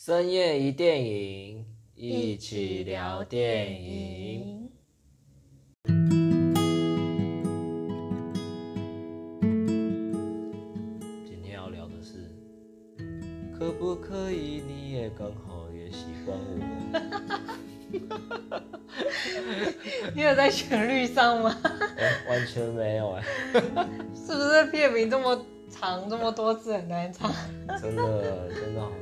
深夜一，電影，一電影，一起聊電影。今天要聊的是，可不可以你也剛好也喜歡我？ 你有在旋律上嗎？ 欸、完全沒有哎、欸， 是不是片名這麼長，這麼多字很難唱？真的，真的好。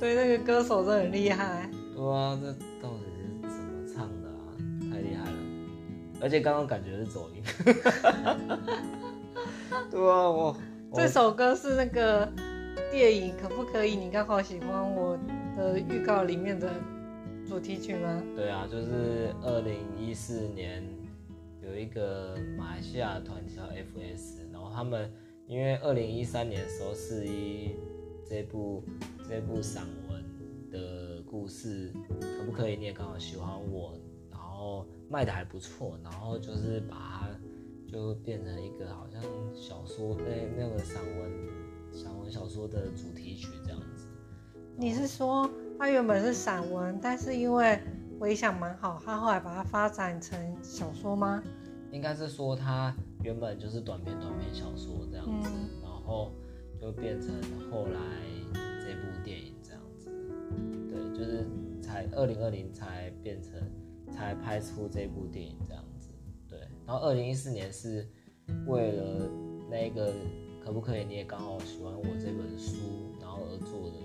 對那個歌手真的很厲害，哇、啊！這到底是怎麼唱的啊？太厲害了！而且剛剛感覺是走音， 對啊，我，我這首歌是那個電影《可不可以》，你剛好喜歡我的預告裡面的主題曲嗎？對啊，就是二零一四年有一個馬來西亞團體叫 FS，然後他們因為二零一三年的時候肆一這部。這部散文的故事可不可以？你也剛好喜歡我，然後賣的還不錯，然後就是把它就變成一個好像小說，那那個散文散文小說的主題曲這樣子。你是說它原本是散文？嗯，但是因為反響蠻好，他後來把它發展成小說嗎？應該是說它原本就是短篇短篇小說這樣子。嗯，然後就變成後來。這部電影這樣子，對，就是才二零二零才變成，才拍出這部電影這樣子，對。然後二零一四年是為了那個可不可以，你也剛好喜歡我這本書，然後而做的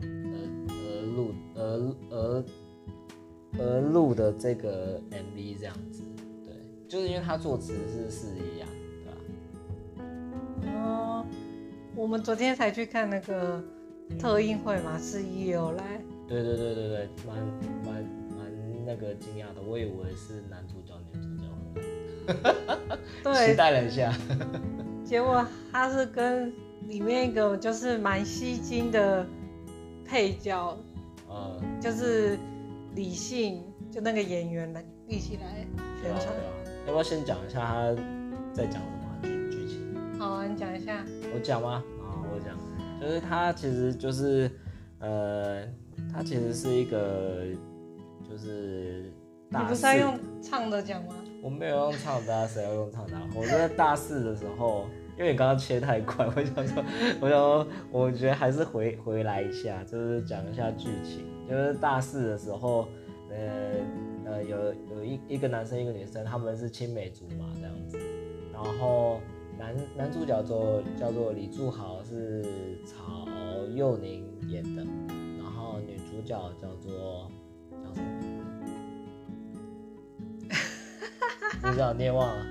那個，呃，而而錄而而而錄的這個 MV 這樣子，對，就是因為他作詞是是一樣，對吧？啊？嗯我們昨天才去看那個特映會嘛、嗯，是有來。對對對對對，蠻蠻蠻那個驚訝的，我以為是男主角、女主角的。 對。期待了一下，結果他是跟裡面一個就是蠻吸睛的配角，嗯、就是李信，就那個演員來一起來宣傳、啊。對啊。要不要先講一下他，再講什麼？好、啊，你講一下。我講嗎？啊、哦，我講，就是他其實就是，呃，他其實是一個就是。你不是要用唱的講嗎？我沒有用唱的啊，誰要用唱的？ 我覺得大四的時候，因為你剛剛切太快，我想說，我想，我覺得還是回回來一下，就是講一下劇情，就是大四的時候，呃呃，有有一一,一個男生一個女生，他們是青梅竹馬這樣子，然後。男男主角做叫做李柱豪，是曹佑寧演的，然後，女主角叫做叫什麼名字？女主角念忘了。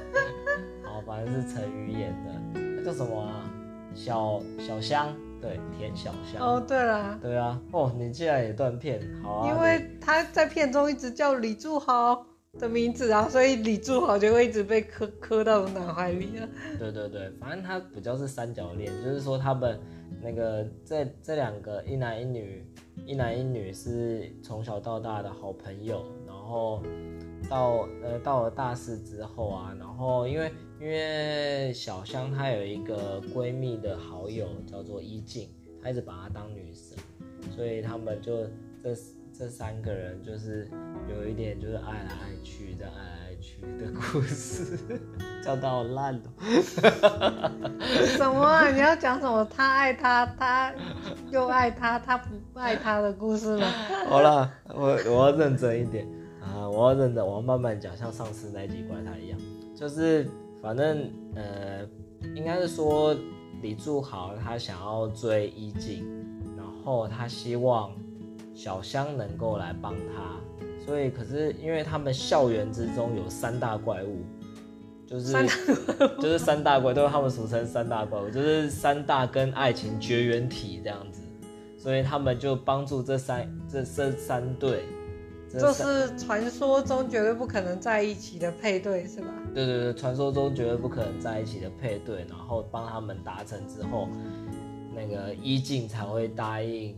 好，反正是陳宇演的、欸，叫什麼啊？小小香，對，田小香。哦、oh，對了。對啊，哦，你竟然也斷片，好啊。因為他在片中一直叫李柱豪。的名字啊，所以李柱豪就會一直被磕磕到我腦海裡啊。對對對，反正他比較是三角戀，就是說他們那個這這兩個一男一女，一男一女是從小到大的好朋友，然後到呃到了大四之後啊，然後因為因為小香她有一個閨蜜的好友叫做伊靜，她一直把她當女神，所以他們就這是。這三個人就是有一點，就是愛來愛去的愛來愛去的故事， 叫到爛了。 什麼、啊？你要講什麼？他愛他，他又愛他，他不愛他的故事嗎？ 好了，我我要認真一點啊、呃！我要認真，我要慢慢講，像上次那集怪他一樣，就是反正呃，應該是說李柱豪他想要追依靜，然後他希望。小香能夠來幫他，所以可是因為他們校園之中有三大怪物，就是三大就是三大怪，都是他們俗稱三大怪物，就是三大跟愛情絕緣體這樣子，所以他們就幫助這三這這三對，這、就是傳說中絕對不可能在一起的配對是吧？對對對，傳說中絕對不可能在一起的配對，然後幫他們達成之後，那個一靜才會答應。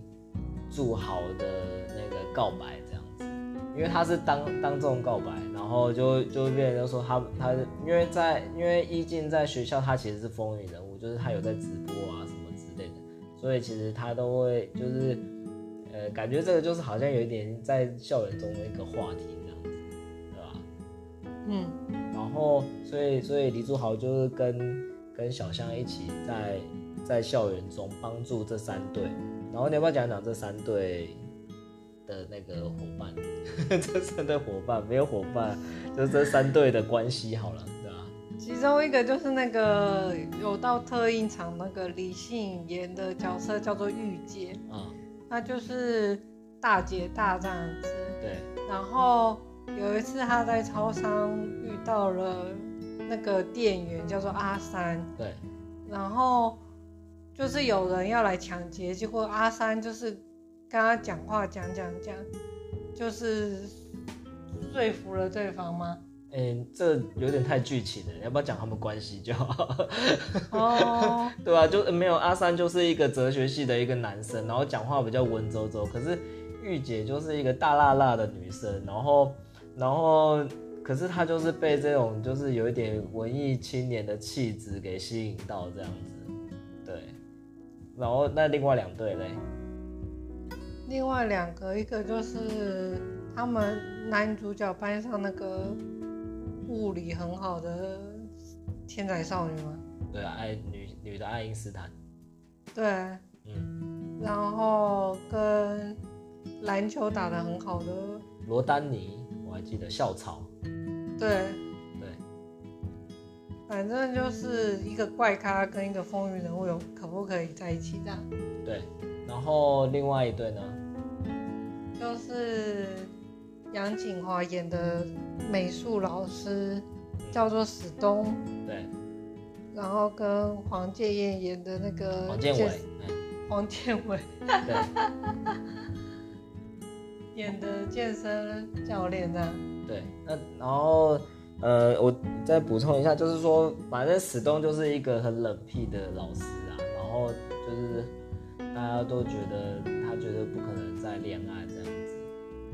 祝豪的那個告白這樣子，因為他是當當眾告白，然後就就會變成說他他因為在因為易靜在學校他其實是風雲人物，就是他有在直播啊什麼之類的，所以其實他都會就是、呃、感覺這個就是好像有一點在校園中的一個話題這樣子，對吧？嗯，然後所以所以李祝豪就是跟跟小象一起在在校園中幫助這三對。然後你要不要講講這三對的那個夥伴？ 這三對夥伴沒有夥伴，就是、這三對的關係好了，對吧？其中一個就是那個、嗯、有到特映場那個李信演的角色、嗯、叫做玉姐，嗯，那就是大姐大這樣子。對，然後有一次她在超商遇到了那個店員、嗯、叫做阿三，對，然後。就是有人要來搶劫，結果阿三就是跟他講話，講講講，就是說服了對方嗎？哎、欸，這有點太劇情了，要不要講他們關係就好？ 哦， 對啊，就沒有阿三就是一個哲學系的一個男生，然後講話比較文縐縐，可是玉姐就是一個大辣辣的女生，然後然後可是他就是被這種就是有一點文藝青年的氣質給吸引到這樣子。然後那另外兩對嘞？另外兩個，一個就是他們男主角班上那個物理很好的天才少女嗎？對啊，愛女女的愛因斯坦。對。嗯。然後跟籃球打得很好的羅丹尼，我還記得校草。對。反正就是一個怪咖跟一個風雲人物有可不可以在一起這樣？對，然後另外一對呢，就是楊景華演的美術老師，叫做史東。對，然後跟黃建燕演的那個黃建偉，黃建偉、欸， 演的健身教練吶。對，那然後。呃，我再補充一下，就是說，反正史東就是一個很冷僻的老師啊，然後就是大家都覺得他覺得不可能再戀愛啊，這樣子，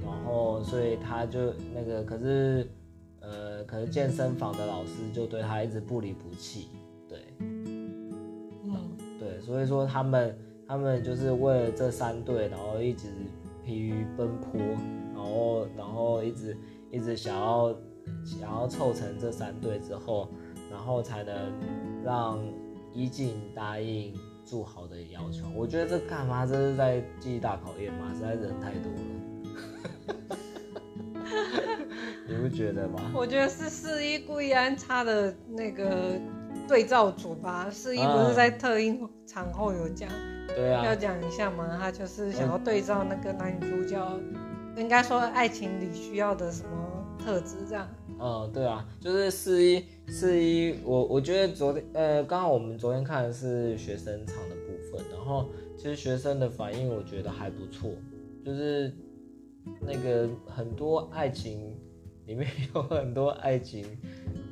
然後所以他就那個，可是呃，可是健身房的老師就對他一直不離不棄，對，嗯，對，所以說他們他們就是為了這三對，然後一直疲於奔波，然後然後一直一直想要。想要湊成這三對之後，然後才能讓一靜答應祝好的要求。我覺得這幹嘛？這是在記憶大考驗嘛？實在人太多了。哈哈哈你不覺得嗎？我覺得是肆一故意安插的那個對照組吧。肆一不是在特映場後有講、啊，對啊，要講一下嗎？他就是想要對照那個男女主角，嗯、應該說愛情裡需要的什麼特質這樣。嗯，對啊，就是肆一肆一，我我覺得昨天呃，剛好我們昨天看的是學生場的部分，然後其實學生的反應我覺得還不錯，就是那個很多愛情裡面有很多愛情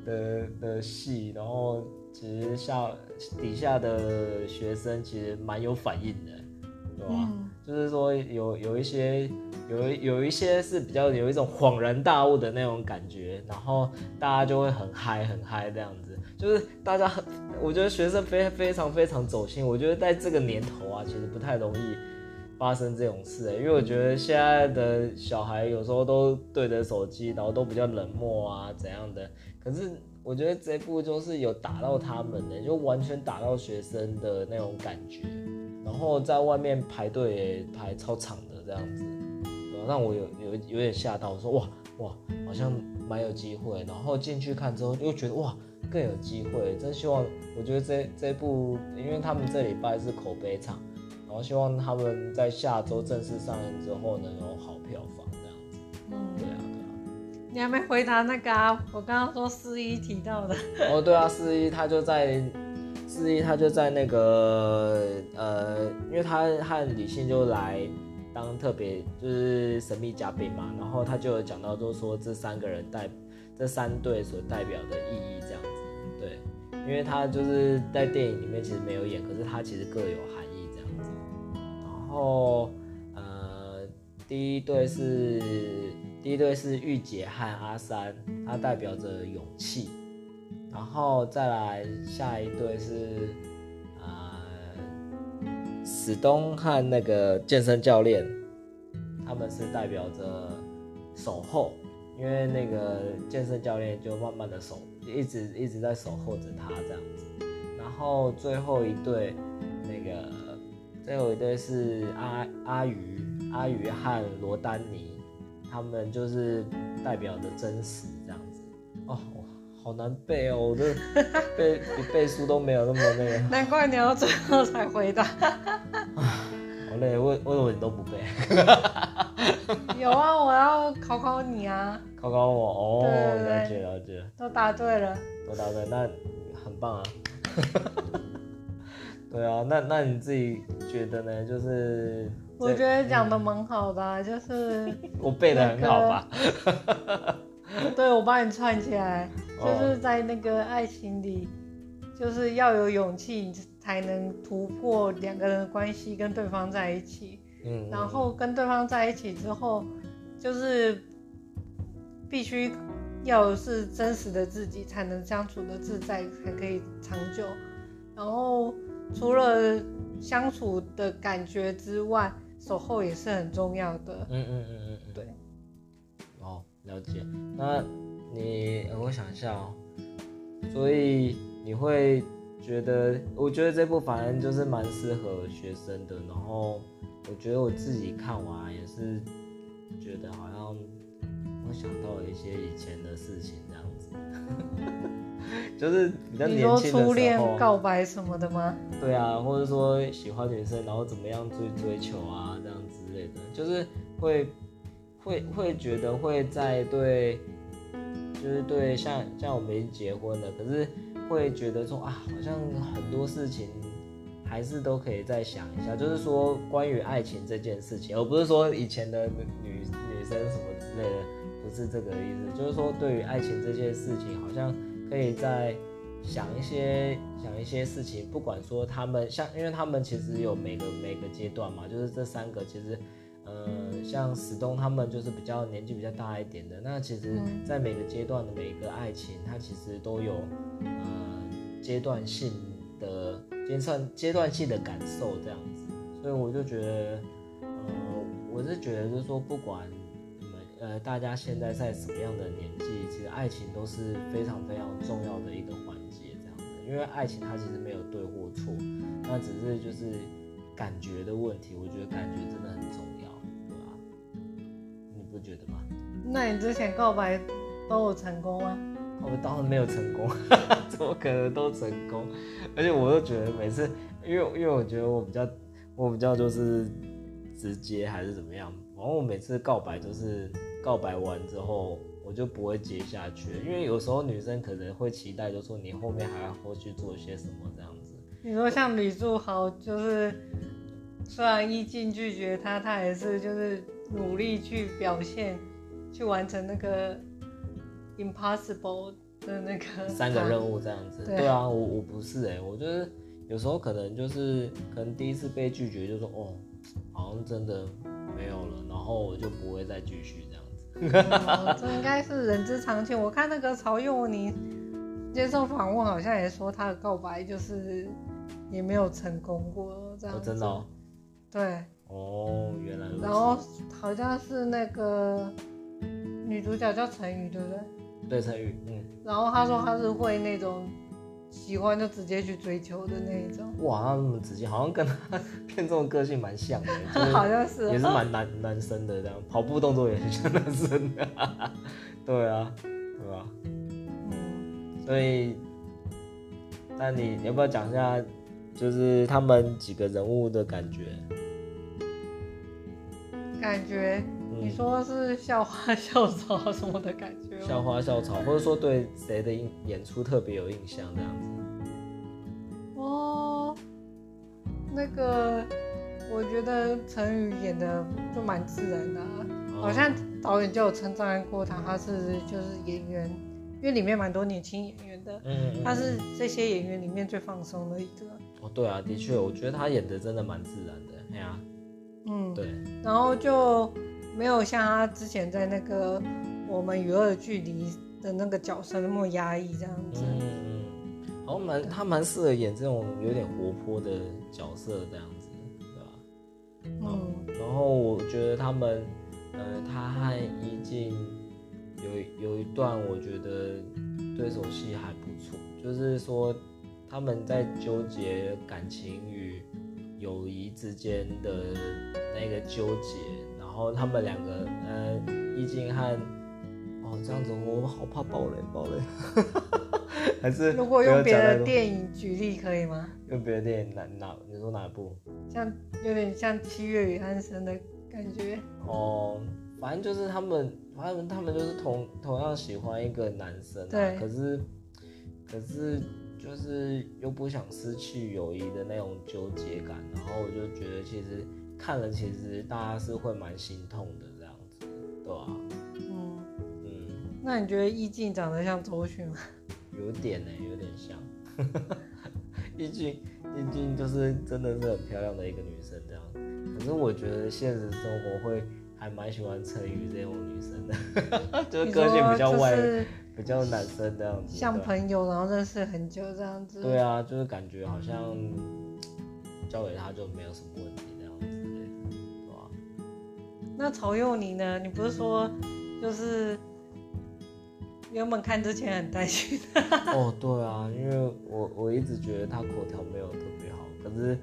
的的戲，然後其實下底下的學生其實蠻有反應的，對吧？嗯、就是說有有一些。有有一些是比較有一種恍然大悟的那種感覺，然後大家就會很嗨很嗨這樣子，就是大家我覺得學生非非常非常走心，我覺得在這個年頭啊，其實不太容易發生這種事欸，因為我覺得現在的小孩有時候都對着手機，然後都比較冷漠啊怎樣的，可是我覺得這部就是有打到他們的欸，就完全打到學生的那種感覺，然後在外面排隊排超長的這樣子。讓我有有有點嚇到，我說哇哇，好像蠻有機會。然後進去看之後，又覺得哇更有機會。真希望，我覺得這這部，因為他們這禮拜是口碑場，然後希望他們在下周正式上映之後能有好票房這樣子。嗯，對啊對啊。你還沒回答那個啊？我剛剛說肆一提到的。哦， 對啊，肆一他就在肆一他就在那個呃，因為他和李信就來。當特別就是神秘嘉賓嘛，然後他就有講到，就說這三個人代，這三對所代表的意義這樣子，對，因為他就是在電影裡面其實沒有演，可是他其實各有含義這樣子。然後呃，第一對是第一對是玉姐和阿三，他代表着勇氣。然後再來下一對是。史東和那個健身教練，他們是代表着守候，因為那個健身教練就慢慢的守，一直一直在守候着他這樣子。然後最後一對，那個最後一對是阿阿魚阿魚和羅丹尼，他們就是代表着真實這樣子哦。好、哦、難背哦，我都背 背書都沒有那麼累、啊。個。難怪你要最後才回答。 好累，我我很多都不背。 有啊，我要考考你啊。考考我哦，了解了解。都答對了。都答對，那很棒啊。 對啊，那那你自己覺得呢？就是我覺得講的蠻好的、啊嗯，就是、那個， 我背的很好吧。 對，我幫你串起來。就是在那個愛情裡，哦、就是要有勇氣才能突破兩個人的關係，跟對方在一起，嗯。然後跟對方在一起之後，就是必須要是真實的自己，才能相處的自在，才可以長久。然後除了相處的感覺之外，守候也是很重要的。嗯嗯嗯嗯嗯，對。哦，了解。那、你、欸、我想一下哦，所以你會覺得，我覺得這部反正就是蠻適合學生的。然後我覺得我自己看完也是覺得好像我想到一些以前的事情這樣子， 就是比較年輕的時候，你說初戀告白什麼的嗎？對啊，或者說喜歡女生然後怎麼樣追追求啊這樣之類的，就是會會會覺得會在對。就是對像，像像我們結婚了，可是會覺得說啊，好像很多事情還是都可以再想一下。就是說關於愛情這件事情，而不是說以前的女女生什麼之類的，不是這個意思。就是說對於愛情這件事情，好像可以再想一些想一些事情，不管說他們像，因為他們其實有每個每個階段嘛，就是這三個其實。呃，像史東他們就是比較年紀比較大一點的，那其實，在每個階段的每個愛情，它其實都有呃階段性的階段階段性的感受這樣子，所以我就覺得，呃，我是覺得就是說，不管你們呃大家現在在什麼樣的年紀，其實愛情都是非常非常重要的一個環節這樣子，因為愛情它其實沒有對或錯，那只是就是感覺的問題，我覺得感覺真的很重要。得那你之前告白都有成功嗎、啊？我當然沒有成功， 怎麼可能都成功？而且我又覺得每次，因為因為我覺得我比較我比較就是直接還是怎麼樣。然後我每次告白都是告白完之後我就不會接下去，因為有時候女生可能會期待，就說你後面還會去做一些什麼這樣子。你說像李柱豪，就是雖然一進拒絕他，他還是就是。努力去表現，去完成那個 impossible 的那個三個任務這樣子。對啊，我我不是哎、欸，我覺得有時候可能就是可能第一次被拒絕、就是，就說哦，好像真的沒有了，然後我就不會再繼續這樣子。 嗯、這應該是人之常情。我看那個曹佑寧接受訪問，好像也說他的告白就是也沒有成功過這樣子。哦、真的、哦。對。哦，原來如此。然後好像是那個女主角叫陳宇，對不對？對，陳宇。嗯。然後他說他是會那種喜歡就直接去追求的那一種。嗯、哇，那麼直接，好像跟他片中的個性蠻像的。就是、是 好像是、啊。也是蠻男男生的這樣，跑步動作也是像男生的、啊。對啊、嗯，對吧？嗯。所以，那你你要不要講一下，就是他們幾個人物的感覺？感覺、嗯、你說是校花校草什麼的感覺？校花校草，或者說對誰的演出特別有印象這樣子？哦，那個我覺得陳妤演的就蠻自然的、哦，好像導演就有稱讚過他，他是就是演員，因為裡面蠻多年輕演員的，嗯，他是這些演員裡面最放鬆的一個、嗯。哦，對啊，的確，我覺得他演的真的蠻自然的，哎呀、啊。嗯，對，然後就沒有像他之前在那個《我們與惡的距離》的那個角色那麼壓抑這樣子。嗯嗯，好像蠻他蠻適合演這種有點活潑的角色這樣子，對吧？嗯。然後我覺得他們，呃，他和伊靜有有一段，我覺得對手戲還不錯，就是說他們在糾結感情與。友誼之間的那個糾結，然後他們兩個，呃，易靜和，哦，這樣子我好怕暴雷，暴雷、嗯、暴雷， 還是如果用別的電影舉例可以嗎？用別的電影哪哪？你說哪一部？像有點像《七月與安生》的感覺。哦，反正就是他們，反正他們就是同同樣喜歡一個男生、啊，對，可是，可是。就是又不想失去友誼的那種糾結感，然後我就覺得其實看了，其實大家是會蠻心痛的這樣子，對啊，嗯嗯，那你覺得易靜長得像周迅嗎？有點呢，欸，有點像，易靜易靜就是真的是很漂亮的一個女生這樣子，可是我覺得現實生活會還蠻喜歡陳妤這種女生的， 就是個性比較外，啊。就是比較男生的樣子，像朋友，然後認識很久這樣子。對啊，就是感覺好像交給他就沒有什麼問題，這樣子對啊。那曹佑寧呢？你不是說就是原本看之前很擔心的？哦、 oh,，對啊，因為我我一直覺得他口條沒有特別好，可是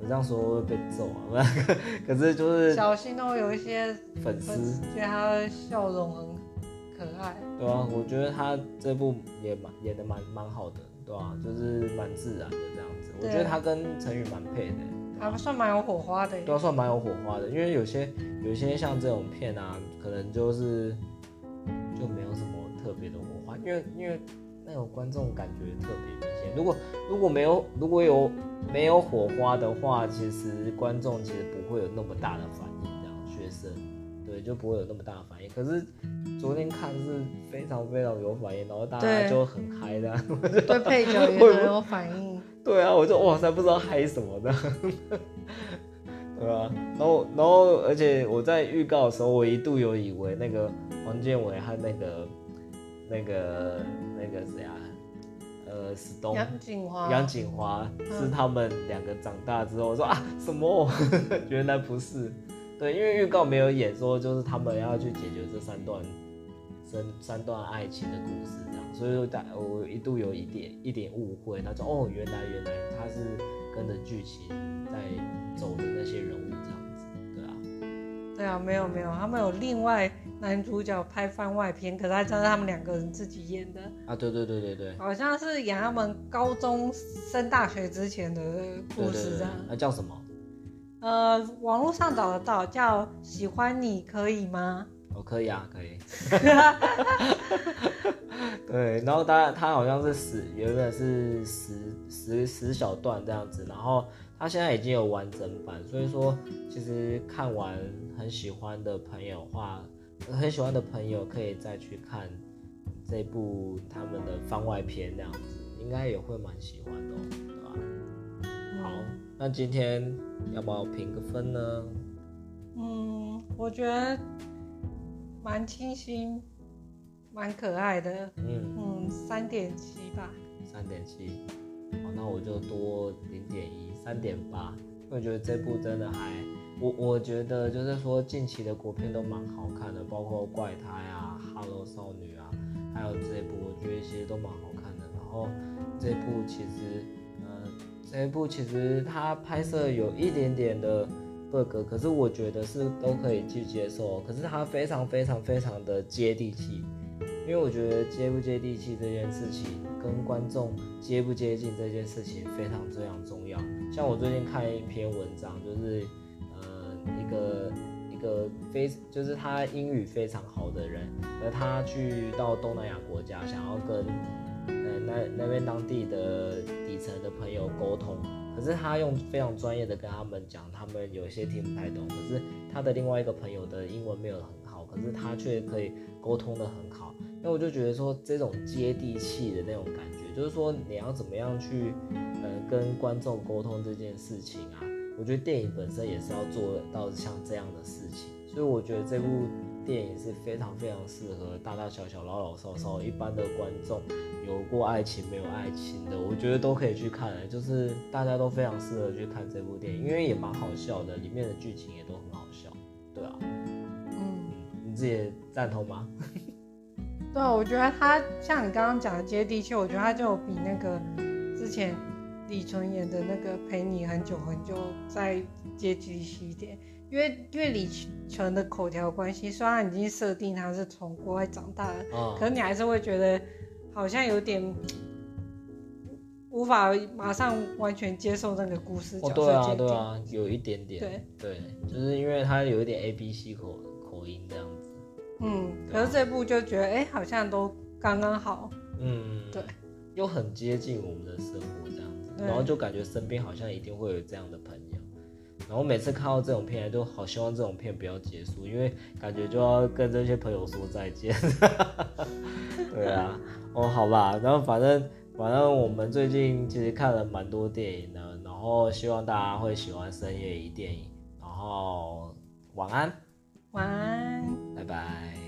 我這樣說會被揍啊， 可是就是小心哦，有一些粉絲覺得他的笑容很。可愛，對啊、嗯，我覺得他這部也蠻演的蠻蠻好的，對啊，嗯、就是蠻自然的這樣子。我覺得他跟陳宇蠻配的，還算蠻有火花的。對啊，算蠻有、啊、有火花的，因為有些有些像這種片啊，可能就是就沒有什麼特別的火花，因為因為那種觀眾感覺特別明顯。如果如果沒有如果有沒有火花的話，其實觀眾其實不會有那麼大的反應。就不會有那麼大的反應。可是昨天看是非常非常有反應，然後大家就很嗨的， 對配角也很有反應。對啊，我就哇塞，不知道嗨什麼的。 對啊，然後然後，而且我在預告的時候，我一度有以為那個王建偉和那個那個那個誰啊，呃，史東楊景華，楊景華、嗯、是他們兩個長大之後，我說啊，什麼？ 原來不是。對，因為預告沒有演說，就是他們要去解決這三段，三三段愛情的故事這樣，所以說大我一度有一點一點誤會，他說哦，原來原來他是跟着劇情在走的那些人物這樣子，對啊，對啊，沒有沒有，他們有另外男主角拍番外篇，可是還是他們兩個人自己演的啊，對對對對對，好像是演他們高中升大學之前的故事這樣，對對對，那叫什麼？呃，網絡上找得到，叫喜歡你可以嗎？哦，可以啊，可以。 對，然後他它好像是十，原本是十十十小段這樣子，然後它現在已經有完整版，所以說其實看完很喜歡的朋友的話，很喜歡的朋友可以再去看這部他們的番外篇這樣子，應該也會蠻喜歡的喔，對吧？啊，好。那今天要不要評個分呢？嗯，我覺得蠻清新，蠻可愛的。嗯嗯，三點七吧。三點七，好，那我就多零點一，三點八。因為我覺得這部真的還，我我覺得就是說近期的國片都蠻好看的，包括怪胎啊、Hello 少女啊，還有這部，我覺得其實都蠻好看的。然後這部其實、嗯。其實這一部其實他拍攝有一點點的 bug，可是我覺得是都可以去接受。可是他非常非常非常的接地氣，因為我覺得接不接地氣這件事情，跟觀眾接不接近這件事情非常非常重要。像我最近看一篇文章，就是呃一個一個非就是他英語非常好的人，而他去到東南亞國家，想要跟。呃，那那邊當地的底層的朋友溝通，可是他用非常專業的跟他們講，他們有些聽不太懂。可是他的另外一個朋友的英文沒有很好，可是他卻可以溝通得很好。那我就覺得說，這種接地氣的那種感覺，就是說你要怎麼樣去呃跟觀眾溝通這件事情啊？我覺得電影本身也是要做到像這樣的事情，所以我覺得這部。電影是非常非常適合大大小小、老老少少、一般的觀眾，有過愛情沒有愛情的，我覺得都可以去看。就是大家都非常適合去看這部電影，因為也蠻好笑的，裡面的劇情也都很好笑，對啊，嗯，你自己贊同嗎？ 對啊，我覺得他像你剛剛講的接地氣，我覺得他就比那個之前李純演的那個《陪你很久很久》再接地氣一點。因為因為李晨的口條關係，雖然已經設定他是從國外長大的、嗯，可是你還是會覺得好像有點無法馬上完全接受那個故事角色設定、哦、對啊，對啊，有一點點。對對，就是因為他有一點 A B C 口口音這樣子。嗯，嗯，可是這部就覺得哎、欸，好像都剛剛好。嗯，對，又很接近我們的生活這樣子，然後就感覺身邊好像一定會有這樣的朋友。然後每次看到這種片，都好希望這種片不要結束，因為感覺就要跟這些朋友說再見。 對啊，哦，好吧。然後反正反正我們最近其實看了蠻多電影的，然後希望大家會喜歡深夜一電影，然後晚安，晚安，拜拜。